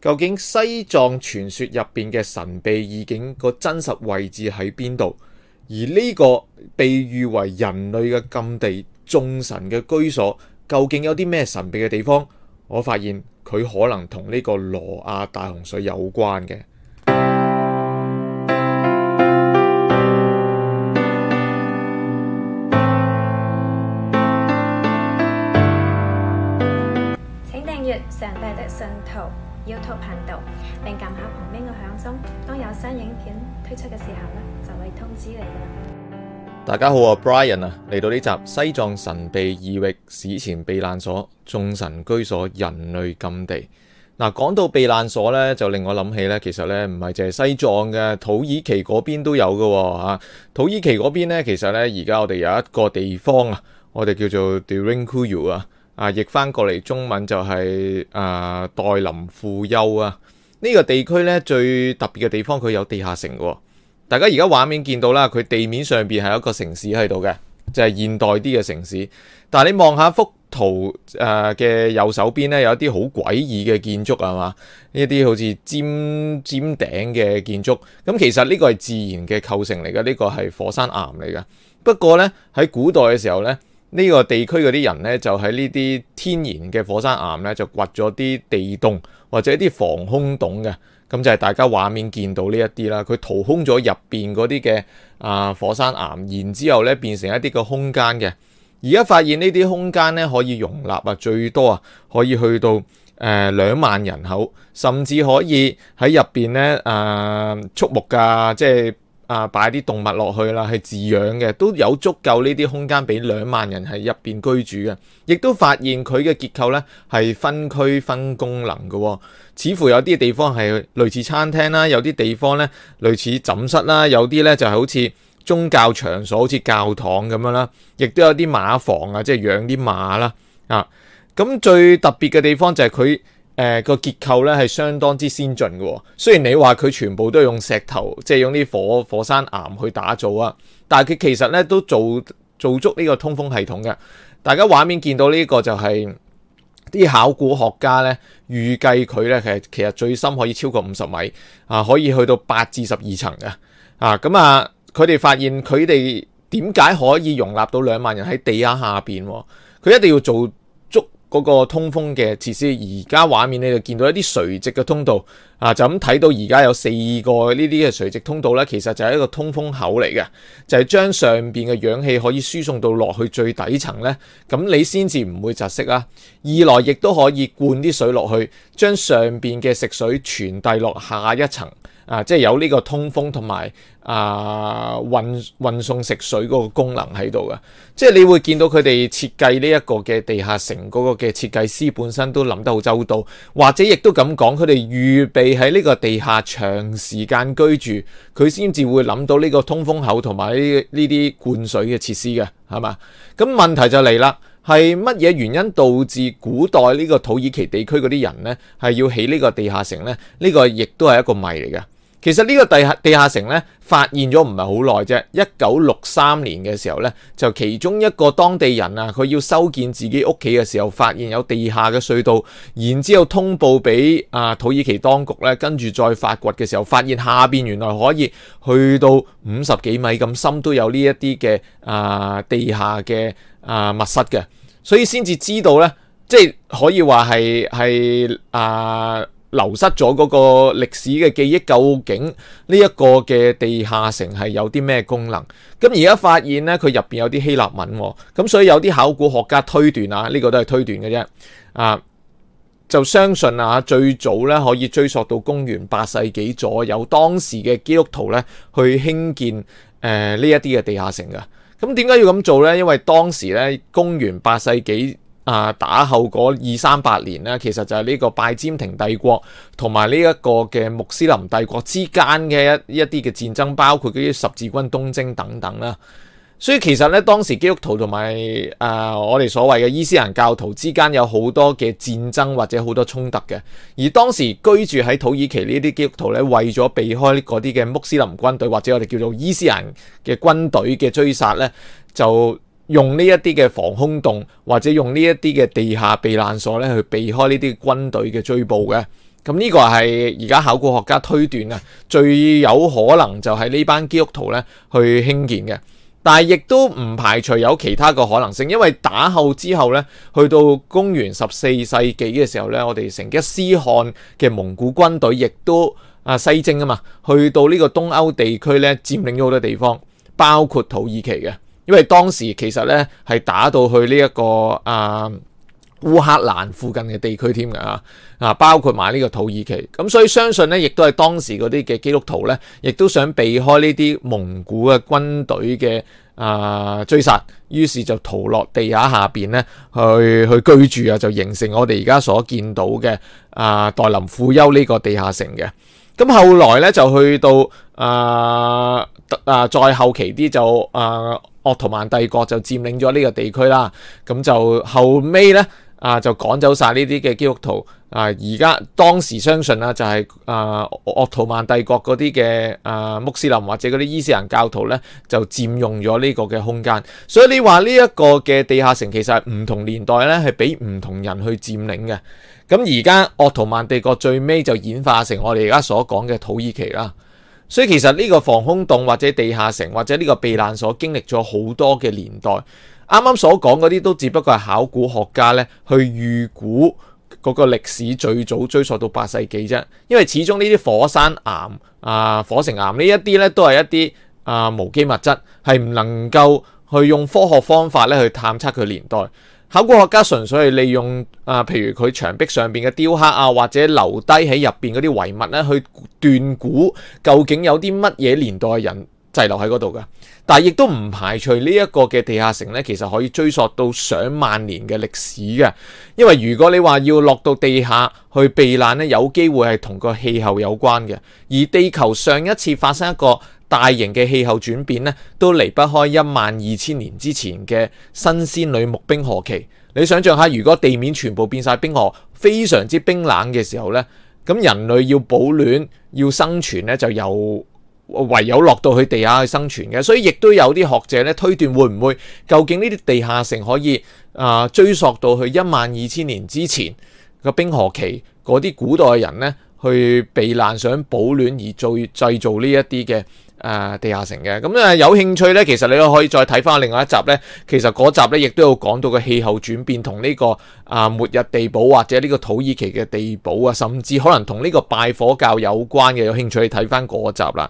究竟西藏傳說入邊嘅神秘異域個真實位置喺邊度？而呢個被譽為人類嘅禁地、眾神嘅居所，究竟有啲咩神秘嘅地方？我發現佢可能同呢個挪亞大洪水有關嘅。之後咧就會通知你啦。大家好啊，Brian 啊，嚟到呢集西藏神秘異域史前避難所、眾神居所、人類禁地。嗱、啊，講到避難所咧，就令我諗起咧，其實咧唔係淨係西藏嘅，土耳其嗰邊都有嘅吓、啊。土耳其嗰邊咧，其實咧而家我哋有一個地方 uyu, 啊，我哋叫做 Deringkuyu 啊，啊譯翻過嚟中文就係、是、誒、啊、代林富丘》啊。呢、這個地區咧最特別嘅地方，佢有地下城嘅。大家而家畫面見到啦，佢地面上邊係一個城市喺度嘅，就係現代啲嘅城市。但係你望下幅圖誒嘅右手邊咧，有一啲好詭異嘅建築係嘛？呢啲好似尖尖頂嘅建築。咁其實呢個係自然嘅構成嚟嘅，呢個係火山岩嚟嘅。不過咧喺古代嘅時候咧，呢個地區嗰啲人咧就喺呢啲天然嘅火山岩咧就掘咗啲地洞或者啲防空洞嘅。咁就係大家畫面見到呢一啲啦，佢掏空咗入邊嗰啲嘅啊火山岩，然之後咧變成一啲嘅空間嘅。而家發現呢啲空間咧可以容納啊最多啊可以去到誒兩萬人口，甚至可以喺入邊咧啊畜牧噶，即係。啊！擺啲動物落去啦，係自養嘅，都有足夠呢啲空間俾兩萬人喺入邊居住嘅。亦都發現佢嘅結構呢係分區分功能嘅，哦，似乎有啲地方係類似餐廳啦，有啲地方呢類似診室啦，有啲呢就係、是、好似宗教場所，好似教堂咁樣啦。亦都有啲馬房啊，即係養啲馬啦。啊，咁最特別嘅地方就係佢。誒個結構咧係相當之先進嘅，雖然你話佢全部都係用石頭，即係用啲火火山岩去打造啊，但係佢其實咧都做做足呢個通風系統嘅。大家畫面見到呢個就係啲考古學家咧預計佢，咧其實其實最深可以超過五十米啊，可以去到八至十二層嘅啊。咁啊，佢哋發現佢哋點解可以容納到兩萬人喺地下下邊，佢一定要做。嗰個通風嘅設施，而家畫面你就見到一啲垂直嘅通道啊，就咁睇到而家有四個呢啲嘅垂直通道呢，其實就係一個通風口嚟嘅，就係、是、將上邊嘅氧氣可以輸送到落去最底層呢，咁你先至唔會窒息啊。二來亦都可以灌啲水落去，將上邊嘅食水傳遞落下一層。啊，即係有呢個通風同埋啊運運送食水嗰個功能喺度嘅，即係你會見到佢哋設計呢一個嘅地下城嗰個嘅設計師本身都諗得好周到，或者亦都咁講，佢哋預備喺呢個地下長時間居住，佢先至會諗到呢個通風口同埋呢呢啲灌水嘅設施嘅，係嘛？咁問題就嚟啦，係乜嘢原因導致古代呢個土耳其地區嗰啲人呢係要起呢個地下城呢？呢、呢個亦都係一個謎嚟嘅。其實呢個地下地下城呢，發現咗唔係好耐啫。一九六三年嘅時候呢，就其中一個當地人啊，佢要修建自己屋企嘅時候，發現有地下嘅隧道，然之後通報俾啊土耳其當局呢。跟住再發掘嘅時候，發現下邊原來可以去到五十幾米咁深，都有呢一啲嘅啊地下嘅啊密室嘅，所以先至知道呢，即係可以話係係啊。流失咗嗰個歷史嘅記憶，究竟呢一個嘅地下城係有啲咩功能？咁而家發現呢，佢入邊有啲希臘文，咁所以有啲考古學家推斷啊，呢個都係推斷嘅啫。啊，就相信啊，最早呢可以追溯到公元八世紀左右，當時嘅基督徒呢去興建誒呢一啲嘅地下城㗎。咁點解要咁做呢？因為當時呢，公元八世紀。啊！打後嗰二三百年咧，其實就係呢個拜占庭帝國同埋呢一個嘅穆斯林帝國之間嘅一一啲嘅戰爭，包括嗰啲十字軍東征等等啦。所以其實咧，當時基督徒同埋啊，我哋所謂嘅伊斯蘭教徒之間有好多嘅戰爭或者好多衝突嘅。而當時居住喺土耳其呢啲基督徒咧，為咗避開嗰啲嘅穆斯林軍隊或者我哋叫做伊斯蘭嘅軍隊嘅追殺咧，就，用呢一啲嘅防空洞或者用呢一啲嘅地下避難所咧，去避開呢啲軍隊嘅追捕嘅。咁呢個係而家考古學家推斷啊，最有可能就係呢班基督徒咧去興建嘅。但係亦都唔排除有其他嘅可能性，因為打後之後咧，去到公元十四世紀嘅時候咧，我哋成吉思汗嘅蒙古軍隊亦都啊西征啊嘛，去到呢個東歐地區咧，佔領咗好多地方，包括土耳其嘅。因為當時其實咧係打到去呢、這、一個啊、呃、烏克蘭附近嘅地區添㗎啊包括埋呢個土耳其咁、啊，所以相信呢亦都係當時嗰啲嘅基督徒呢，亦都想避開呢啲蒙古嘅軍隊嘅啊追殺，於是就逃落地下下邊呢去去居住啊，就形成我哋而家所見到嘅啊代林富丘呢個地下城嘅。咁、啊、後來呢就去到啊啊再後期啲就啊。鄂圖曼帝國就佔領咗呢個地區啦，咁就後尾呢，啊就趕走晒呢啲嘅基督徒啊，而家當時相信啊就係、是、啊奧圖曼帝國嗰啲嘅啊穆斯林或者嗰啲伊斯蘭教徒呢，就佔用咗呢個嘅空間，所以你話呢一個嘅地下城其實係唔同年代呢，係俾唔同人去佔領嘅，咁而家奧圖曼帝國最尾就演化成我哋而家所講嘅土耳其啦。所以其實呢個防空洞或者地下城或者呢個避難所經歷咗好多嘅年代。啱啱所講嗰啲都只不過係考古學家咧去預估嗰個歷史最早追溯到八世紀啫。因為始終呢啲火山岩啊、火成岩呢一啲咧都係一啲啊無機物質，係唔能夠去用科學方法咧去探測佢年代。考古學家純粹係利用啊，譬如佢牆壁上邊嘅雕刻啊，或者留低喺入邊嗰啲遺物咧，去斷估究竟有啲乜嘢年代嘅人滯留喺嗰度嘅。但係亦都唔排除呢一個嘅地下城咧，其實可以追溯到上萬年嘅歷史嘅。因為如果你話要落到地下去避難咧，有機會係同個氣候有關嘅。而地球上一次發生一個大型嘅氣候轉變咧，都離不開一萬二千年之前嘅新仙女木冰河期。你想像下，如果地面全部變晒冰河，非常之冰冷嘅時候咧，咁人類要保暖、要生存咧，就由唯有落到去地下去生存嘅。所以亦都有啲學者咧推斷，會唔會究竟呢啲地下城可以啊、呃、追溯到去一萬二千年之前嘅冰河期嗰啲古代人咧去避難、想保暖而做製造呢一啲嘅？啊，地下城嘅咁啊，有興趣呢？其實你都可以再睇翻另外一集呢。其實嗰集呢，亦都有講到個氣候轉變同呢個啊末日地堡或者呢個土耳其嘅地堡啊，甚至可能同呢個拜火教有關嘅。有興趣你睇翻嗰集啦。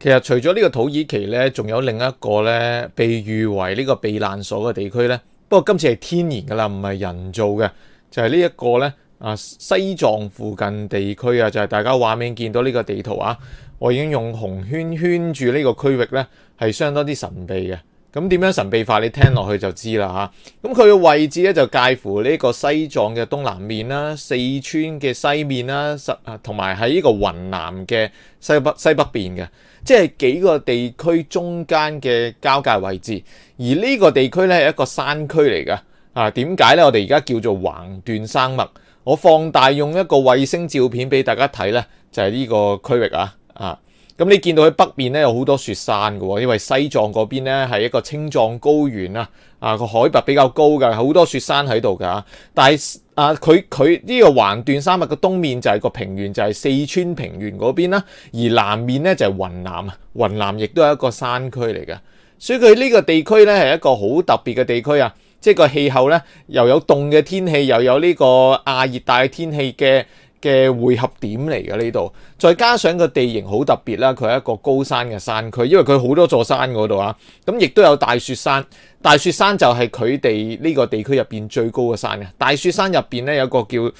其實除咗呢個土耳其呢，仲有另一個呢，被譽為呢個避難所嘅地區呢。不過今次係天然嘅啦，唔係人造嘅，就係呢一個呢，啊西藏附近地區啊，就係大家畫面見到呢個地圖啊。我已經用紅圈圈住呢個區域呢，係相當啲神秘嘅。咁點樣神秘法？你聽落去就知啦嚇。咁佢嘅位置呢，就介乎呢個西藏嘅東南面啦、四川嘅西面啦，同埋喺呢個雲南嘅西北西北邊嘅，即係幾個地區中間嘅交界位置。而呢個地區呢，係一個山區嚟嘅啊？點解呢？我哋而家叫做橫斷山脈。我放大用一個衛星照片俾大家睇呢，就係、是、呢個區域啊。啊，咁、嗯、你見到佢北面咧有好多雪山㗎喎，因為西藏嗰邊咧係一個青藏高原啊，啊個海拔比較高㗎，好多雪山喺度㗎。但係啊，佢佢呢個橫斷山脈嘅東面就係個平原，就係、是、四川平原嗰邊啦。而南面咧就係雲南啊，雲南亦都係一個山區嚟㗎，所以佢呢個地區咧係一個好特別嘅地區啊，即係個氣候咧又有凍嘅天氣，又有呢個亞熱帶天氣嘅，嘅匯合點嚟嘅，呢度，再加上個地形好特別啦，佢係一個高山嘅山區，因為佢好多座山嗰度啊。咁亦都有大雪山，大雪山就係佢哋呢個地區入邊最高嘅山嘅。大雪山入邊咧有個叫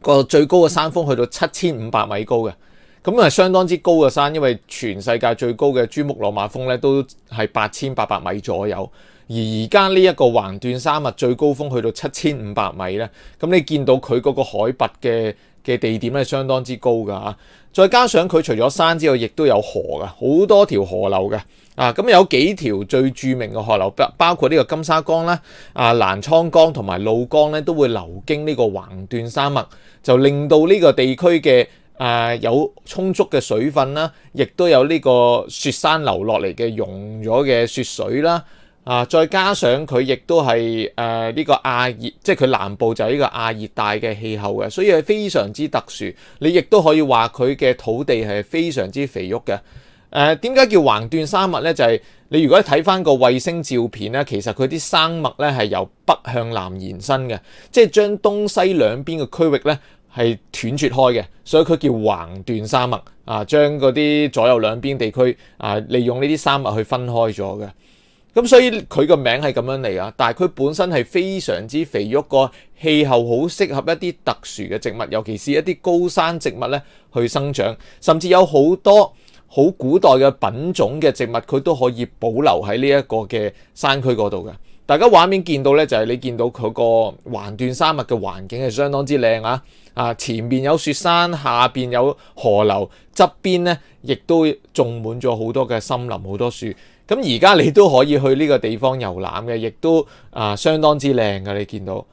個最高嘅山峰，去到七千五百米高嘅，咁係相當之高嘅山，因為全世界最高嘅珠穆朗瑪峰咧都係八千八百米左右，而而家呢一個橫斷山脈最高峰去到七千五百米咧，咁你見到佢嗰個海拔嘅。嘅地點咧相當之高㗎嚇。再加上佢除咗山之外，亦都有河噶，好多條河流嘅啊，咁有幾條最著名嘅河流，包括呢個金沙江啦、啊瀾滄江同埋怒江咧，都會流經呢個橫斷山脈，就令到呢個地區嘅啊有充足嘅水分啦，亦、啊、都有呢個雪山流落嚟嘅溶咗嘅雪水啦。啊，再加上佢亦都係誒呢個亞熱，即係佢南部就係呢個亞熱帶嘅氣候嘅，所以係非常之特殊。你亦都可以話佢嘅土地係非常之肥沃嘅。誒、呃，點解叫橫斷山脈咧？就係、是、你如果睇翻個衛星照片咧，其實佢啲山脈咧係由北向南延伸嘅，即係將東西兩邊嘅區域咧係斷絕開嘅，所以佢叫橫斷山脈。啊，將嗰啲左右兩邊地區啊，利用呢啲山脈去分開咗嘅。咁所以佢個名係咁樣嚟啊，但係佢本身係非常之肥沃個氣候，好適合一啲特殊嘅植物，尤其是一啲高山植物咧去生長，甚至有好多好古代嘅品種嘅植物，佢都可以保留喺呢一個嘅山區嗰度嘅。大家畫面見到咧，就係、是、你見到佢個橫斷山脈嘅環境係相當之靚啊！啊，前面有雪山，下邊有河流，側邊咧亦都種滿咗好多嘅森林，好多樹。咁而家你都可以去呢個地方遊覽嘅，亦都啊相當之靚㗎，你見到。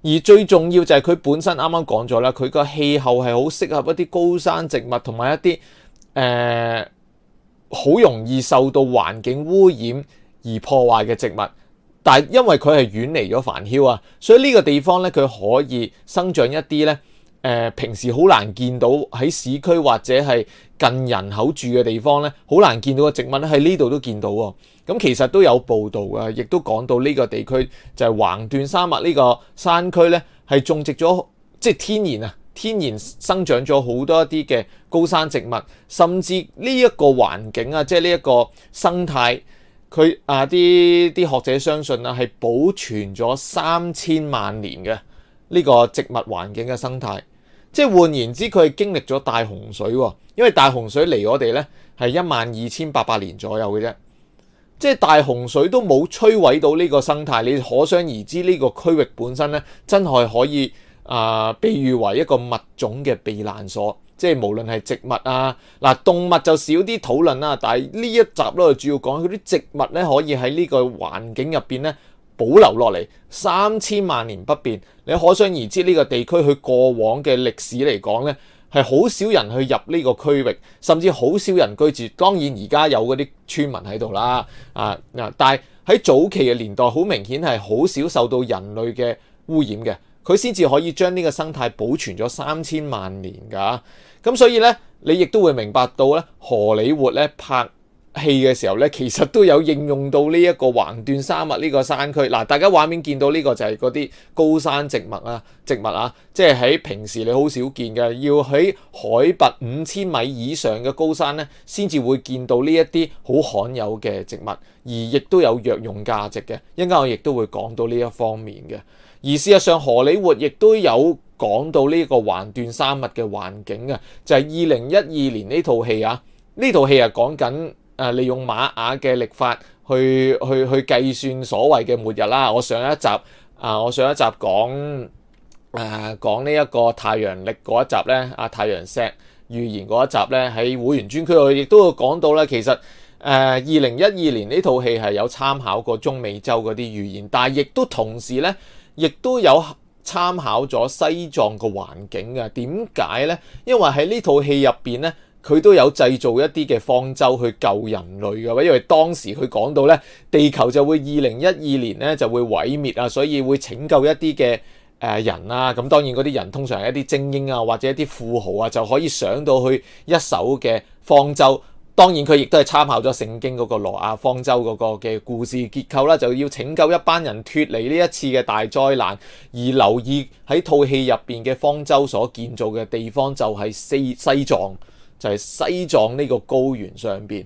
而最重要就係佢本身啱啱講咗啦，佢個氣候係好適合一啲高山植物同埋一啲誒好容易受到環境污染而破壞嘅植物。但係因為佢係遠離咗煩囂啊，所以呢個地方咧佢可以生長一啲咧。誒平時好難見到喺市區或者係近人口住嘅地方咧，好難見到嘅植物喺呢度都見到喎。咁其實都有報導嘅，亦都講到呢個地區就係橫斷山脈呢個山區咧，係種植咗即係天然啊，天然生長咗好多一啲嘅高山植物，甚至呢一個環境啊，即係呢一個生態，佢啊啲啲學者相信啦，係保存咗三千萬年嘅。呢個植物環境嘅生態，即係換言之，佢係經歷咗大洪水，因為大洪水嚟我哋呢係一萬二千八百年左右嘅啫，即係大洪水都冇摧毀到呢個生態。你可想而知呢個區域本身呢，真係可以啊，被譽為一個物種嘅避難所。即係無論係植物啊，嗱動物就少啲討論啦。但係呢一集咧，就主要講佢啲植物呢，可以喺呢個環境入邊呢。保留落嚟三千萬年不變，你可想而知呢個地區佢過往嘅歷史嚟講咧，係好少人去入呢個區域，甚至好少人居住。當然而家有嗰啲村民喺度啦，啊啊！但係喺早期嘅年代，好明顯係好少受到人類嘅污染嘅，佢先至可以將呢個生態保存咗三千萬年噶，咁所以咧，你亦都會明白到咧，荷里活咧拍。戲嘅時候咧，其實都有應用到呢一個橫斷山脈呢個山區。嗱，大家畫面見到呢個就係嗰啲高山植物啊，植物啊，即係喺平時你好少見嘅，要喺海拔五千米以上嘅高山咧，先至會見到呢一啲好罕有嘅植物，而亦都有藥用價值嘅。一陣間我亦都會講到呢一方面嘅。而事實上，荷里活亦都有講到呢個橫斷山脈嘅環境啊，就係二零一二年呢套戲啊，呢套戲啊講緊。誒利用馬雅嘅曆法去去去計算所謂嘅末日啦。我上一集啊，我上一集講誒、啊、講呢一個太陽曆嗰一集咧，啊太陽石預言嗰一集咧，喺會員專區我亦都會講到啦。其實誒二零一二年呢套戲係有參考過中美洲嗰啲預言，但係亦都同時咧，亦都有參考咗西藏個環境嘅。點解咧？因為喺呢套戲入邊咧。佢都有製造一啲嘅方舟去救人類嘅，因為當時佢講到呢，地球就會二零一二年呢就會毀滅啊，所以會拯救一啲嘅誒人啊。咁當然嗰啲人通常係一啲精英啊，或者一啲富豪啊，就可以上到去一手嘅方舟。當然佢亦都係參考咗聖經嗰個挪亞方舟嗰個嘅故事結構啦，就要拯救一班人脫離呢一次嘅大災難。而留意喺套戲入邊嘅方舟所建造嘅地方就係西西藏。就係西藏呢個高原上邊，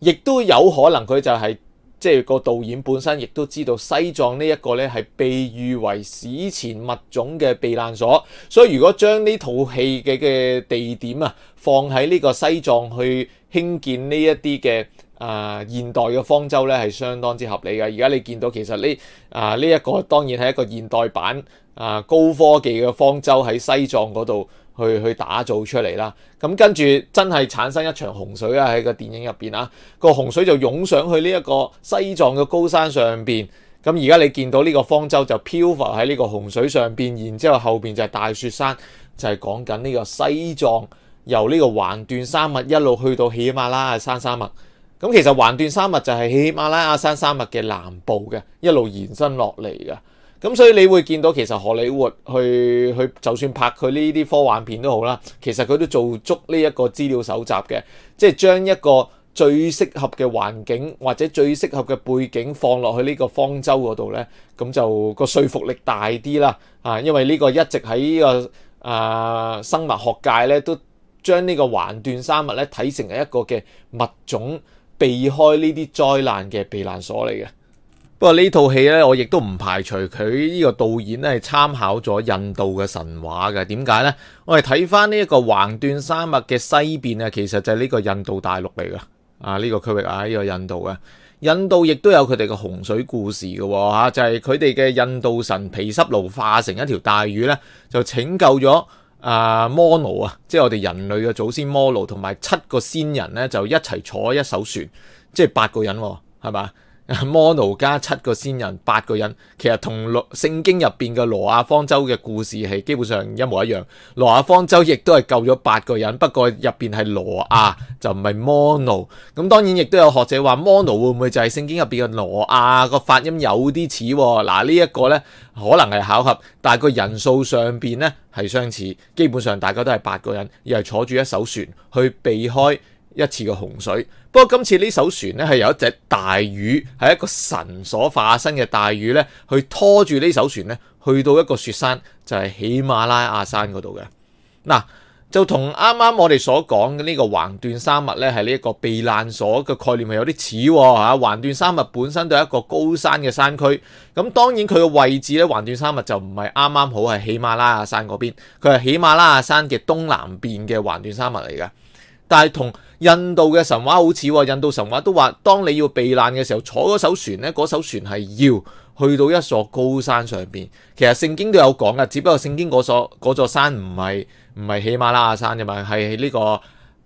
亦都有可能佢就係即係個導演本身，亦都知道西藏呢一個咧係被譽為史前物種嘅避難所，所以如果將呢套戲嘅嘅地點啊放喺呢個西藏去興建呢一啲嘅啊現代嘅方舟咧，係相當之合理嘅。而家你見到其實呢啊呢一個當然係一個現代版啊、呃、高科技嘅方舟喺西藏嗰度。去去打造出嚟啦，咁跟住真係產生一場洪水啊。喺個電影入邊啊，個洪水就湧上去呢一個西藏嘅高山上邊，咁而家你見到呢個方舟就漂浮喺呢個洪水上邊，然之後後邊就係大雪山，就係講緊呢個西藏由呢個橫斷山脈一路去到喜馬拉雅山山脈，咁其實橫斷山脈就係喜馬拉雅山山脈嘅南部嘅，一路延伸落嚟嘅。咁所以你會見到其實荷里活去去就算拍佢呢啲科幻片都好啦，其實佢都做足呢一個資料搜集嘅，即係將一個最適合嘅環境或者最適合嘅背景放落去呢個方舟嗰度咧，咁就個說服力大啲啦。啊，因為呢個一直喺呢個啊生物學界咧，都將呢個橫斷生物咧睇成係一個嘅物種避開呢啲災難嘅避難所嚟嘅。不過呢套戲咧，我亦都唔排除佢呢個導演咧，係參考咗印度嘅神話嘅。點解呢？我哋睇翻呢一個橫斷山脈嘅西邊啊，其實就係呢個印度大陸嚟噶。啊，呢、這個區域啊，呢、這個印度啊，印度亦都有佢哋嘅洪水故事嘅吓、啊，就係佢哋嘅印度神皮濕奴化成一條大魚咧，就拯救咗啊摩奴啊，即係我哋人類嘅祖先摩奴，同埋七個仙人咧就一齊坐一艘船，即係八個人係嘛。摩奴加七個仙人八個人，其實同《聖經》入邊嘅挪亞方舟嘅故事係基本上一模一樣。挪亞方舟亦都係救咗八個人，不過入邊係挪亞就唔係摩奴。咁當然亦都有學者話摩奴會唔會就係聖經入邊嘅挪亞個發音有啲似？嗱呢一個呢，可能係巧合，但係個人數上邊呢係相似，基本上大家都係八個人，而係坐住一艘船去避開，一次嘅洪水，不過今次呢艘船咧係有一隻大魚，係一個神所化身嘅大魚咧，去拖住呢艘船咧，去到一個雪山，就係喜馬拉雅山嗰度嘅。嗱，就同啱啱我哋所講嘅呢個橫斷山脈咧，係呢一個避難所嘅概念係有啲似喎嚇。橫斷山脈本身都係一個高山嘅山區，咁當然佢嘅位置咧，橫斷山脈就唔係啱啱好係喜馬拉雅山嗰邊，佢係喜馬拉雅山嘅東南邊嘅橫斷山脈嚟嘅，但係同印度嘅神話好似喎，印度神話都話，當你要避難嘅時候，坐嗰艘船咧，嗰艘船係要去到一座高山上邊。其實聖經都有講噶，只不過聖經嗰座山唔係唔係喜馬拉雅山啫嘛，係呢個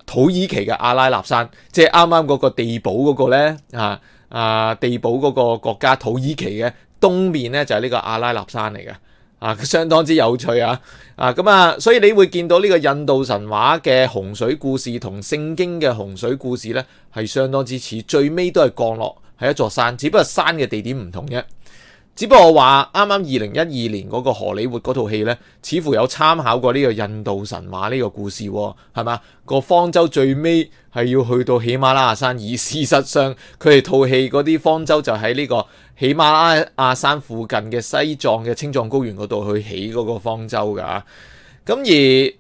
土耳其嘅阿拉納山，即係啱啱嗰個地堡嗰個咧，啊，啊地堡嗰個國家土耳其嘅東面咧，就係呢個阿拉納山嚟嘅。啊，相當之有趣啊！啊，咁啊，所以你會見到呢個印度神話嘅洪水故事同聖經嘅洪水故事呢，係相當之似，最尾都係降落喺一座山，只不過山嘅地點唔同啫。只不過我話啱啱二零一二年嗰個荷里活套戲呢，似乎有參考過呢個印度神話呢個故事喎，係嘛？個方舟最尾係要去到喜馬拉雅山，以事實上佢哋套戲嗰啲方舟就喺呢個喜馬拉雅山附近嘅西藏嘅青藏高原嗰度去起嗰個方舟噶。咁而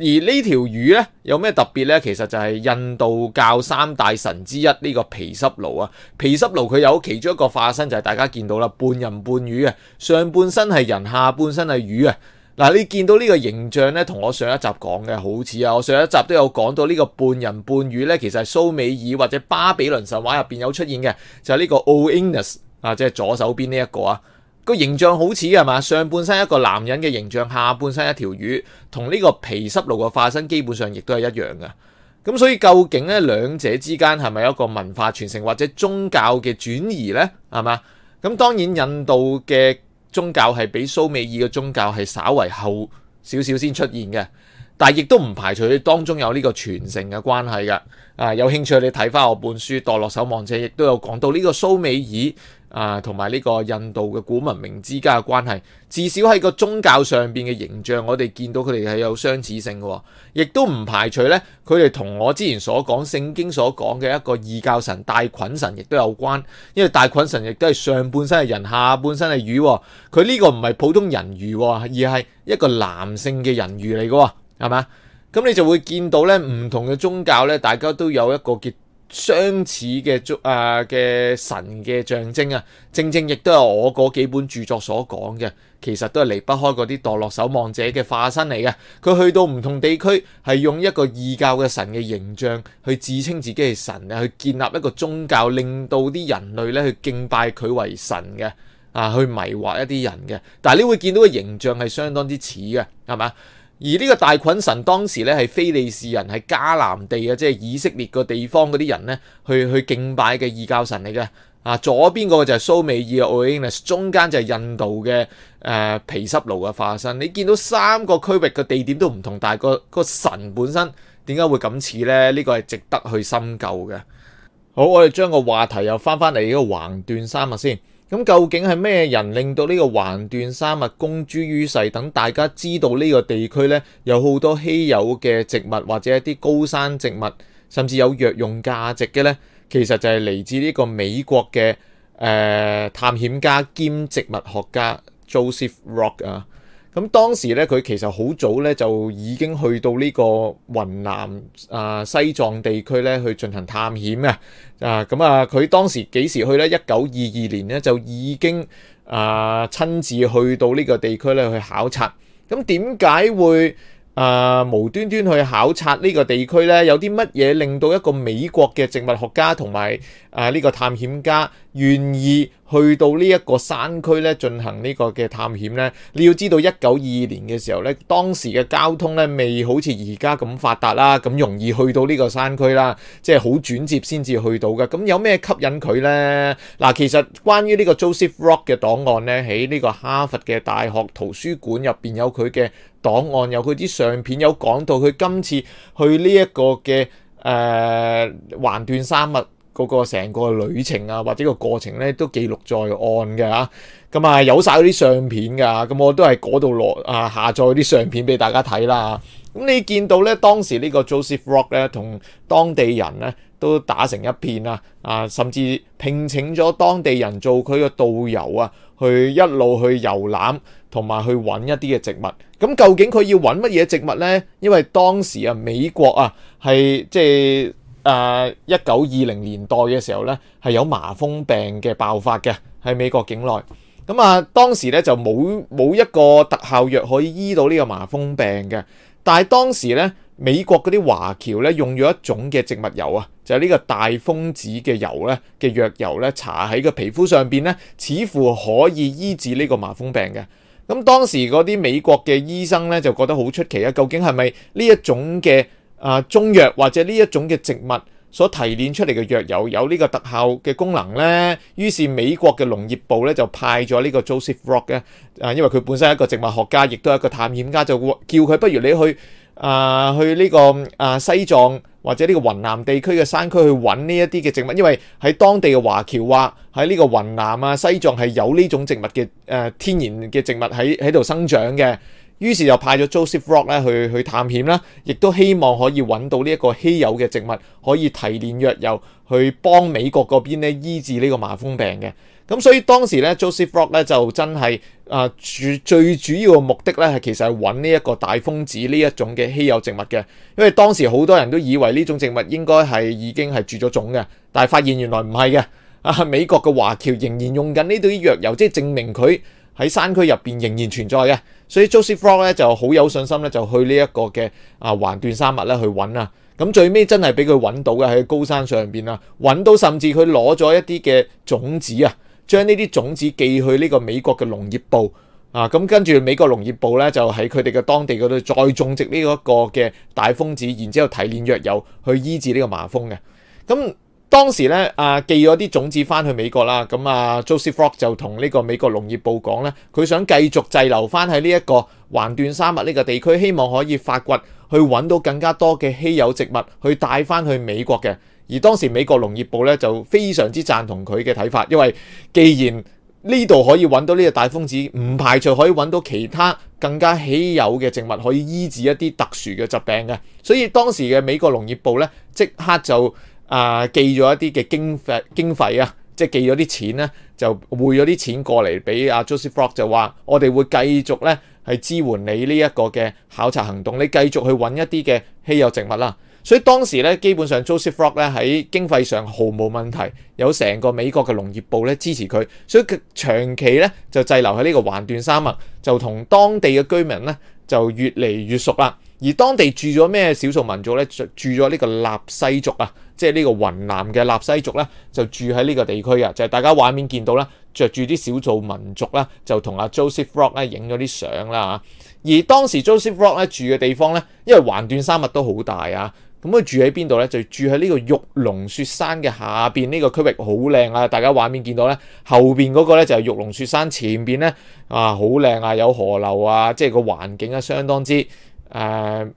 而呢條魚呢，有咩特別呢？其實就係印度教三大神之一呢個皮濕奴啊。皮濕奴佢有其中一個化身就係大家見到啦，半人半魚啊。上半身係人，下半身係魚啊。嗱，你見到呢個形象呢，同我上一集講嘅好似啊。我上一集都有講到呢個半人半魚呢，其實係蘇美爾或者巴比倫神話入邊有出現嘅，就係呢個 Oannes 啊，即係左手邊呢一個啊。個形象好似嘅係嘛，上半身一個男人嘅形象，下半身一條魚，同呢個皮濕奴嘅化身基本上亦都係一樣嘅。咁所以究竟呢兩者之間係咪一個文化傳承或者宗教嘅轉移呢？係嘛？咁當然印度嘅宗教係比蘇美爾嘅宗教係稍為後少少先出現嘅，但亦都唔排除當中有呢個傳承嘅關係嘅。啊，有興趣你睇翻我本書《墮落守望者》，亦都有講到呢個蘇美爾。啊，同埋呢個印度嘅古文明之間嘅關係，至少喺個宗教上邊嘅形象，我哋見到佢哋係有相似性嘅，亦都唔排除呢，佢哋同我之前所講聖經所講嘅一個異教神大袞神亦都有關，因為大袞神亦都係上半身係人，下半身係魚，佢呢個唔係普通人魚，而係一個男性嘅人魚嚟嘅，係咪啊？咁你就會見到呢唔同嘅宗教呢，大家都有一個結。相似嘅中啊嘅神嘅象徵啊，正正亦都係我嗰幾本著作所講嘅，其實都係離不開嗰啲墮落守望者嘅化身嚟嘅。佢去到唔同地區，係用一個異教嘅神嘅形象去自稱自己係神啊，去建立一個宗教，令到啲人類咧去敬拜佢為神嘅啊，去迷惑一啲人嘅。但係你會見到個形象係相當之似嘅，係嘛？而呢個大菌神當時咧係非利士人係迦南地嘅，即係以色列個地方嗰啲人咧去去敬拜嘅異教神嚟嘅。啊，左邊嗰個就係蘇美爾奧丁斯，中間就係印度嘅誒、呃、皮濕奴嘅化身。你見到三個區域嘅地點都唔同，但係個個，個神本身點解會咁似咧？呢、這個係值得去深究嘅。好，我哋將個話題又翻翻嚟呢個橫斷山脈先。咁究竟係咩人令到呢個橫斷山脈公諸於世？等大家知道呢個地區咧有好多稀有嘅植物或者一啲高山植物，甚至有藥用價值嘅呢，其實就係嚟自呢個美國嘅誒、呃、探險家兼植物學家 Joseph Rock 啊。咁當時咧，佢其實好早咧，就已經去到呢個雲南啊西藏地區咧，去進行探險啊。啊，咁啊，佢當時幾時去咧？一九二二年咧，就已經啊親自去到呢個地區咧去考察。咁點解會啊無端端去考察呢個地區咧？有啲乜嘢令到一個美國嘅植物學家同埋……啊！呢、這個探險家願意去到呢一個山區咧，進行個呢個嘅探險咧。你要知道，一九二二年嘅時候咧，當時嘅交通咧未好似而家咁發達啦，咁容易去到呢個山區啦，即係好轉接先至去到嘅。咁有咩吸引佢咧？嗱、啊，其實關於呢個 Joseph Rock 嘅檔案咧，喺呢個哈佛嘅大學圖書館入邊有佢嘅檔案，有佢啲相片，有講到佢今次去呢一個嘅誒橫斷山脈。個個成個旅程啊，或者個過程咧，都記錄在案嘅嚇、啊，咁、嗯、啊有晒嗰啲相片㗎，咁、嗯、我都係嗰度落啊下載咗啲相片俾大家睇啦。咁、嗯、你見到咧，當時個呢個 Joseph Rock 咧，同當地人咧都打成一片啊，啊，甚至聘請咗當地人做佢嘅導遊啊，去一路去遊覽同埋去揾一啲嘅植物。咁、嗯、究竟佢要揾乜嘢植物咧？因為當時啊，美國啊，係即係。誒一九二零年代嘅時候呢，係有麻風病嘅爆發嘅，喺美國境內。咁啊，當時呢就冇冇一個特效藥可以醫到呢個麻風病嘅。但係當時呢，美國嗰啲華僑呢用咗一種嘅植物油啊，就係呢個大風子嘅油呢。嘅藥油呢，搽喺個皮膚上邊呢，似乎可以醫治呢個麻風病嘅。咁當時嗰啲美國嘅醫生呢，就覺得好出奇啊，究竟係咪呢一種嘅？啊，中藥或者呢一種嘅植物所提煉出嚟嘅藥油有呢個特效嘅功能咧，於是美國嘅農業部咧就派咗呢個 Joseph Rock 咧，啊，因為佢本身係一個植物學家，亦都係一個探險家，就叫佢不如你去，呃去呢個、啊，去呢個啊西藏或者呢個雲南地區嘅山區去揾呢一啲嘅植物，因為喺當地嘅華僑話喺呢個雲南啊、西藏係有呢種植物嘅誒、呃、天然嘅植物喺喺度生長嘅。於是就派咗 Joseph Rock 咧去去探險啦，亦都希望可以揾到呢一個稀有嘅植物，可以提煉藥油去幫美國嗰邊咧醫治呢個麻風病嘅。咁所以當時咧 Joseph Rock 咧就真係啊主最，最主要嘅目的咧係其實係揾呢一個大風子呢一種嘅稀有植物嘅，因為當時好多人都以為呢種植物應該係已經係絕咗種嘅，但係發現原來唔係嘅。啊，美國嘅華僑仍然用緊呢啲藥油，即係證明佢喺山區入邊仍然存在嘅，所以 Joseph Rock 咧就好有信心咧，就去呢一個嘅啊橫斷山脈咧去揾啊，咁最尾真係俾佢揾到嘅，喺高山上邊啊，揾到甚至佢攞咗一啲嘅種子啊，將呢啲種子寄去呢個美國嘅農業部啊，咁跟住美國農業部咧就喺佢哋嘅當地嗰度再種植呢一個嘅大風子，然之後提煉藥油去醫治呢個麻風嘅，咁、嗯。當時咧，啊寄咗啲種子翻去美國啦。咁啊，Joseph Rock 就同呢個美國農業部講咧，佢想繼續滯留翻喺呢一個橫斷山脈呢個地區，希望可以發掘去揾到更加多嘅稀有植物去帶翻去美國嘅。而當時美國農業部咧就非常之贊同佢嘅睇法，因為既然呢度可以揾到呢個大風子，唔排除可以揾到其他更加稀有嘅植物可以醫治一啲特殊嘅疾病嘅。所以當時嘅美國農業部咧即刻就，啊，寄咗一啲嘅經費經費啊，即係寄咗啲錢咧，就匯咗啲錢過嚟俾阿 Joseph Rock 就話我哋會繼續咧係支援你呢一個嘅考察行動，你繼續去揾一啲嘅稀有植物啦。所以當時咧，基本上 Joseph Rock 咧喺經費上毫無問題，有成個美國嘅農業部咧支持佢，所以佢長期咧就滯留喺呢個橫斷山脈，就同當地嘅居民咧就越嚟越熟啦。而當地住咗咩少數民族咧？住住咗呢個納西族啊，即係呢個雲南嘅納西族咧，就住喺呢個地區啊。就係、是、大家畫面見到咧，著住啲少數民族啦，就同阿 Joseph Rock 咧影咗啲相啦嚇。而當時 Joseph Rock 咧住嘅地方咧，因為橫斷山脈都好大啊，咁佢住喺邊度咧？就住喺呢個玉龍雪山嘅下邊呢、這個區域，好靚啊！大家畫面見到咧，後邊嗰個咧就係玉龍雪山，前邊咧啊好靚啊，有河流啊，即、就、係、是、個環境啊，相當之。誒、uh,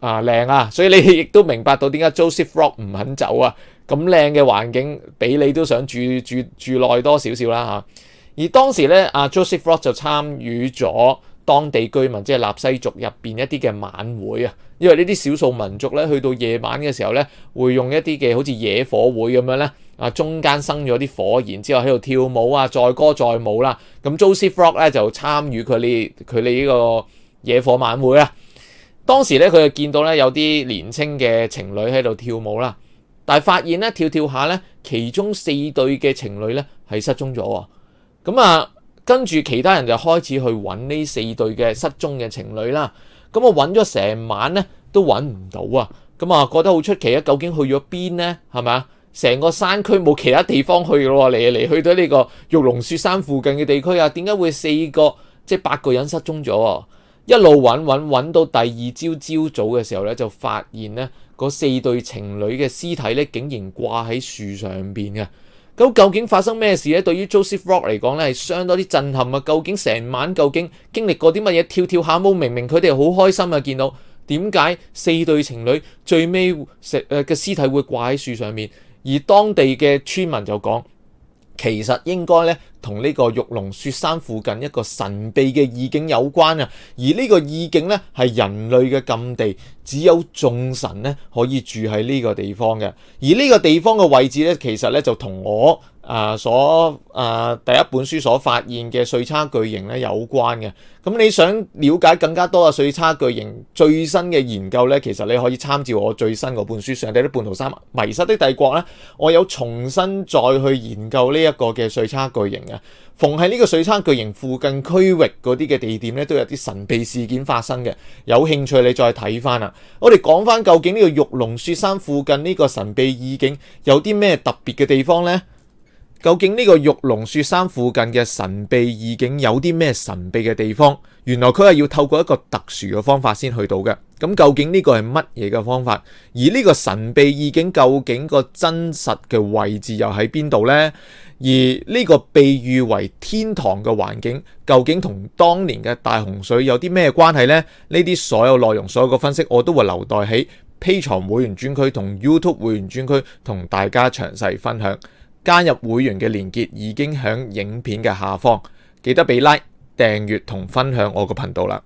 啊靚啊，所以你亦都明白到點解 Joseph Rock 唔肯走啊？咁靚嘅環境，俾你都想住住住耐多少少啦嚇。而當時咧，阿、啊、Joseph Rock 就參與咗當地居民即係納西族入邊一啲嘅晚會啊。因為呢啲少數民族咧，去到夜晚嘅時候咧，會用一啲嘅好似野火會咁樣咧啊，中間生咗啲火，然之後喺度跳舞啊，載歌載舞啦、啊。咁 Joseph Rock 咧就參與佢哋佢哋呢個野火晚會啊。當時咧，佢就見到咧有啲年輕嘅情侶喺度跳舞啦，但係發現咧跳跳下咧，其中四對嘅情侶咧係失蹤咗喎。咁啊，跟住其他人就開始去揾呢四對嘅失蹤嘅情侶啦。咁啊揾咗成晚咧都揾唔到啊。咁啊覺得好出奇啊，究竟去咗邊咧？係咪啊？成個山區冇其他地方去嘅喎，嚟嚟去到呢個玉龍雪山附近嘅地區啊，點解會四個即係八個人失蹤咗啊？一路揾揾揾到第二朝朝早嘅時候咧，就發現咧嗰四對情侶嘅屍體咧，竟然掛喺樹上邊嘅。咁究竟發生咩事咧？對於 Joseph Rock 嚟講咧，係相當啲震撼啊！究竟成晚究竟經歷過啲乜嘢？跳跳下舞，明明佢哋好開心啊！見到點解四對情侶最尾嘅屍體會掛喺樹上面？而當地嘅村民就講。其實應該咧，同呢個玉龍雪山附近一個神秘嘅異境有關啊！而個呢個異境咧，係人類嘅禁地，只有眾神咧可以住喺呢個地方嘅。而呢個地方嘅位置咧，其實咧就同我。啊、呃！所啊、呃，第一本書所發現嘅歲差巨型咧有關嘅。咁你想了解更加多嘅歲差巨型最新嘅研究咧？其實你可以參照我最新嗰本書上《上帝的叛徒三》迷失的帝國》咧。我有重新再去研究呢一個嘅歲差巨型。嘅。逢喺呢個歲差巨型附近區域嗰啲嘅地點咧，都有啲神秘事件發生嘅。有興趣你再睇翻啦。我哋講翻究竟呢個玉龍雪山附近呢個神秘異域有啲咩特別嘅地方咧？究竟呢個玉龍雪山附近嘅神秘異域有啲咩神秘嘅地方？原來佢係要透過一個特殊嘅方法先去到嘅。咁究竟呢個係乜嘢嘅方法？而呢個神秘異域究竟個真實嘅位置又喺邊度呢？而呢個被譽為天堂嘅環境，究竟同當年嘅大洪水有啲咩關係呢？呢啲所有內容，所有嘅分析，我都會留待喺 Patreon 會員專區同 YouTube 會員專區同大家詳細分享。加入會員嘅連結已經喺影片嘅下方，記得畀 like、訂閱同分享我個頻道啦。